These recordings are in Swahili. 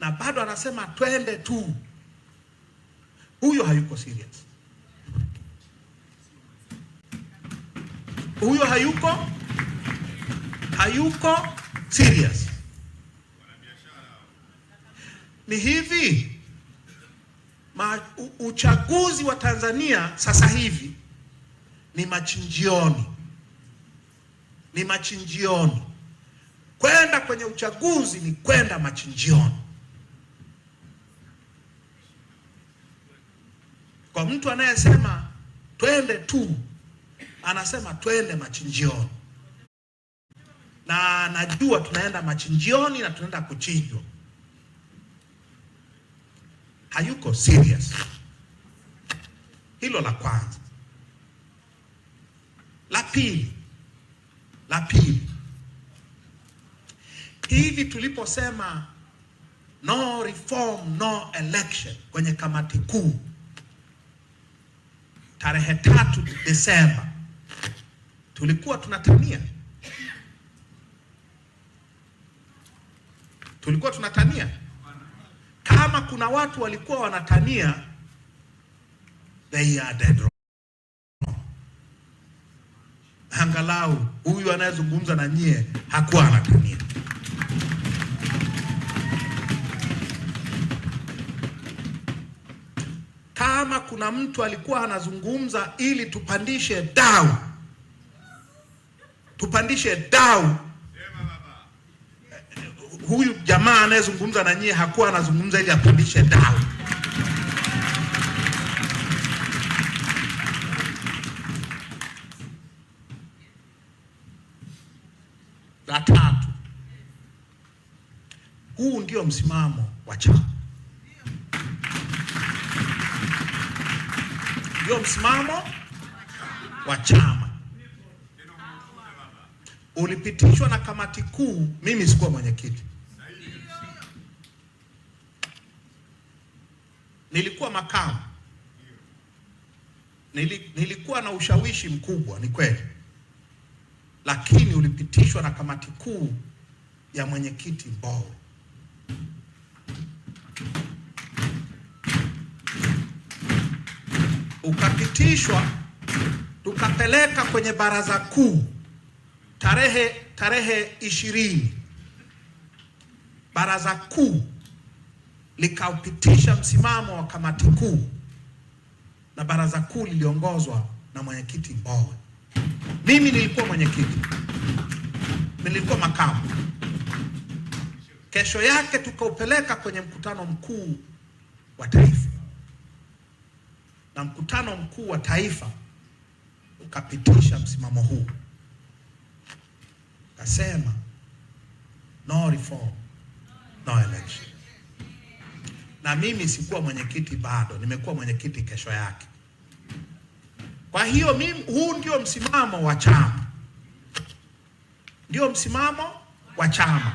na bado anasema twende tu. Huyo hayuko serious, huyo hayuko hayuko serious. Ni hivi ma, u, uchaguzi wa Tanzania sasa hivi ni machinjioni, ni machinjioni. Kwenda kwenye uchaguzi ni kwenda machinjioni. Kwa mtu anayesema twende tu, anasema twende machinjioni, na najua tunaenda machinjioni na tunaenda kuchinjwa. Hayuko serious. Hilo la kwanza. La pili, la pili, hivi tuliposema no reform no election kwenye kamati kuu tarehe tatu Desemba tulikuwa tunatania tulikuwa tunatania kama kuna watu walikuwa wanatania, they are dead wrong. Angalau huyu anayezungumza na nyie hakuwa anatania. kama kuna mtu alikuwa anazungumza ili tupandishe dau, tupandishe dau, huyu jamaa anayezungumza na nyie hakuwa anazungumza ili apandishe dau. La tatu, huu ndio msimamo wa chama. ndio msimamo wa chama ulipitishwa na kamati kuu. Mimi sikuwa mwenyekiti, nilikuwa makamu, nilikuwa na ushawishi mkubwa, ni kweli, lakini ulipitishwa na kamati kuu ya mwenyekiti Mbowe. tulipitishwa tukapeleka kwenye baraza kuu tarehe tarehe ishirini, baraza kuu likaupitisha msimamo wa kamati kuu, na baraza kuu liliongozwa na mwenyekiti Mbowe. Mimi nilikuwa mwenyekiti, nilikuwa makamu. Kesho yake tukaupeleka kwenye mkutano mkuu wa taifa na mkutano mkuu wa taifa ukapitisha msimamo huu, ukasema no reform no election. Na mimi sikuwa mwenyekiti bado, nimekuwa mwenyekiti kesho yake. Kwa hiyo mimi, huu ndio msimamo wa chama, ndio msimamo wa chama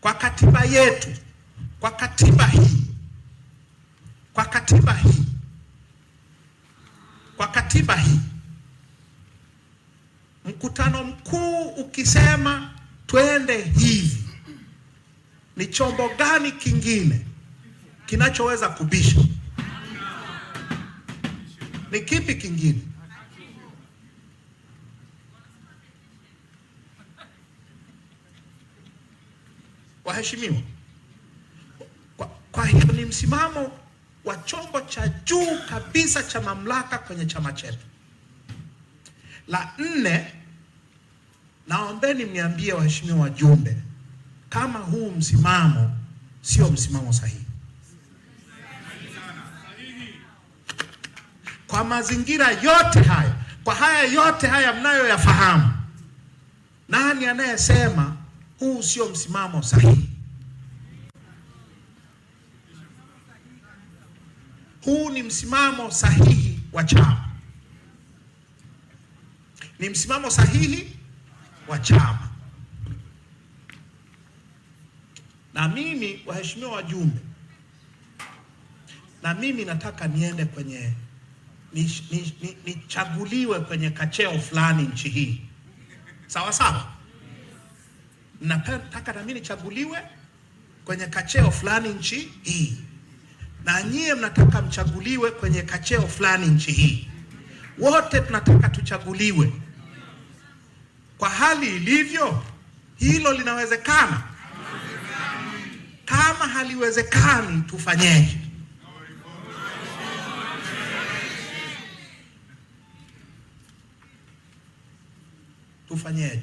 kwa katiba yetu, kwa katiba hii katiba hii, kwa katiba hii, mkutano mkuu ukisema twende hivi, ni chombo gani kingine kinachoweza kubisha? Ni kipi kingine? Waheshimiwa, kwa, kwa hiyo ni msimamo wa chombo cha juu kabisa cha mamlaka kwenye chama chetu. La nne, naombeni mniambie waheshimiwa wajumbe, kama huu msimamo sio msimamo sahihi kwa mazingira yote haya, kwa haya yote haya mnayoyafahamu, nani anayesema huu sio msimamo sahihi? Huu ni msimamo sahihi wa chama, ni msimamo sahihi wa chama. Na mimi, waheshimiwa wajumbe, na mimi nataka niende kwenye nichaguliwe ni, ni kwenye kacheo fulani nchi hii, sawa sawa. Nataka nami nichaguliwe kwenye kacheo fulani nchi hii na nyie mnataka mchaguliwe kwenye kacheo fulani nchi hii. Wote tunataka tuchaguliwe. Kwa hali ilivyo, hilo linawezekana? Kama haliwezekani, tufanyeje? Tufanyeje?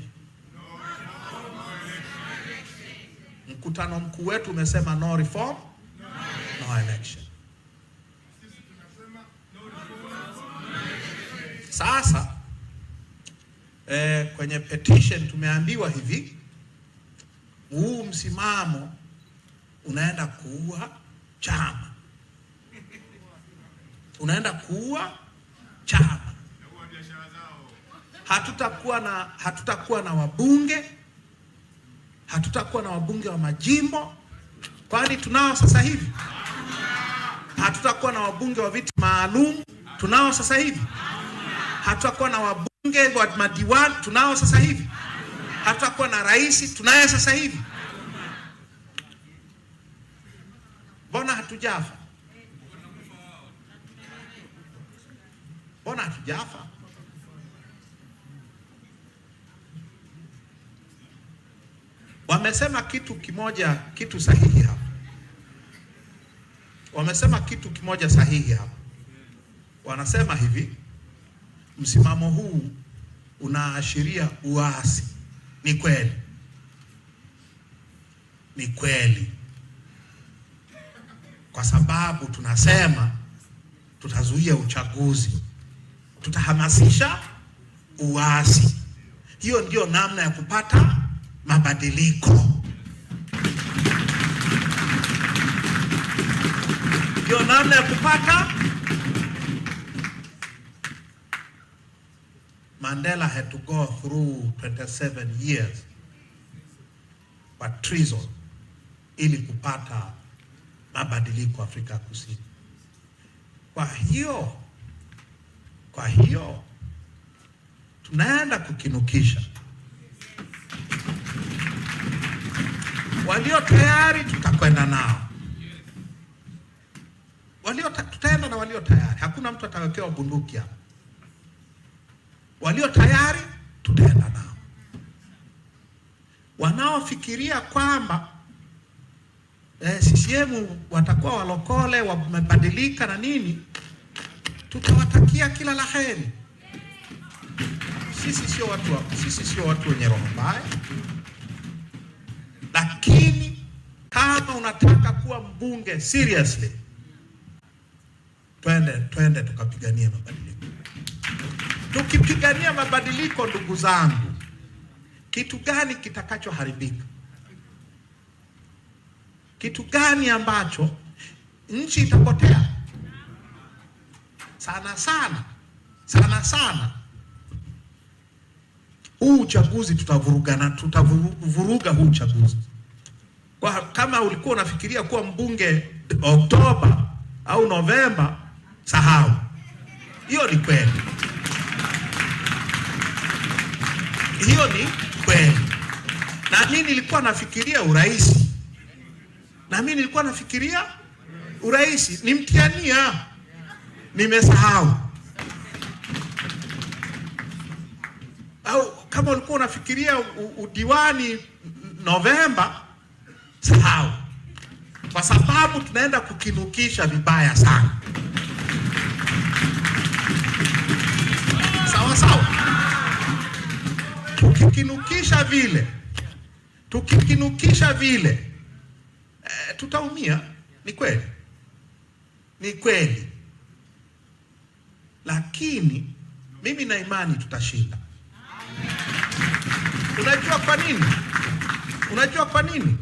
Mkutano mkuu wetu umesema no reform no election. Sasa eh, kwenye petition tumeambiwa hivi, huu msimamo unaenda kuua chama, unaenda kuua chama. Hatutakuwa na hatutakuwa na wabunge, hatutakuwa na wabunge wa majimbo, kwani tunao sasa hivi hatutakuwa na wabunge wa viti maalum, tunao sasa hivi. Hatutakuwa na wabunge wa madiwani, tunao sasa hivi. Hatutakuwa na rais, tunaye sasa hivi. Mbona hatujafa? Mbona hatujafa? Wamesema kitu kimoja, kitu sahihi hapa wamesema kitu kimoja sahihi hapa. Wanasema hivi, msimamo huu unaashiria uasi. Ni kweli, ni kweli, kwa sababu tunasema tutazuia uchaguzi, tutahamasisha uasi. Hiyo ndiyo namna ya kupata mabadiliko. ndio namna ya kupata. Mandela had to go through 27 years but treason ili kupata mabadiliko Afrika Kusini. Kwa hiyo kwa hiyo tunaenda kukinukisha walio tayari, tutakwenda nao walio tutaenda na walio tayari. Hakuna mtu atawekewa bunduki hapa. Walio tayari tutaenda nao. Wanaofikiria kwamba eh, CCM watakuwa walokole wamebadilika na nini, tutawatakia kila la heri. Sisi sio watu wa, sisi sio watu wenye roho mbaya, lakini kama unataka kuwa mbunge seriously Twende, twende tukapigania mabadiliko. Tukipigania mabadiliko, ndugu zangu, kitu gani kitakachoharibika? Kitu gani ambacho nchi itapotea? Sana sana sana sana, huu uchaguzi tutavurugana, tutavuruga huu uchaguzi kwa, kama ulikuwa unafikiria kuwa mbunge Oktoba au Novemba sahau. Hiyo ni kweli, hiyo ni kweli. Na mimi nilikuwa nafikiria urais, na mimi nilikuwa nafikiria urais nimtiania, nimesahau. Au kama ulikuwa unafikiria udiwani Novemba, sahau, kwa sababu tunaenda kukinukisha vibaya sana. tukinukisha vile tukikinukisha vile e, tutaumia. Ni kweli, ni kweli, lakini mimi na imani tutashinda. Unajua kwa nini? Unajua kwa nini?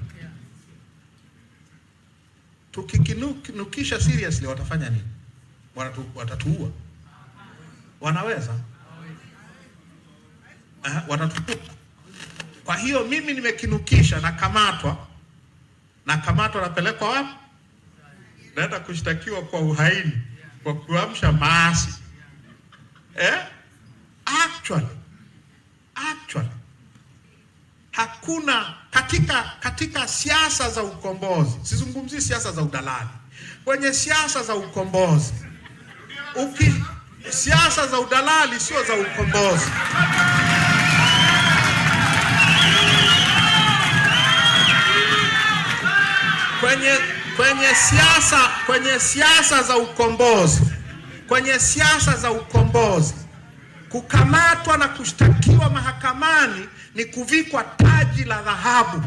Tukikinukisha seriously, watafanya nini? Watatuua, wanaweza wanatutuka. Kwa hiyo mimi nimekinukisha, nakamatwa, nakamatwa, napelekwa wapi? Naenda kushtakiwa kwa uhaini, kwa kuamsha maasi eh? Actually, actually hakuna katika katika siasa za ukombozi, sizungumzii siasa za udalali. Kwenye siasa za ukombozi uki, siasa za udalali sio za ukombozi. kwenye siasa, kwenye siasa za ukombozi, kwenye siasa za ukombozi, kukamatwa na kushtakiwa mahakamani ni kuvikwa taji la dhahabu.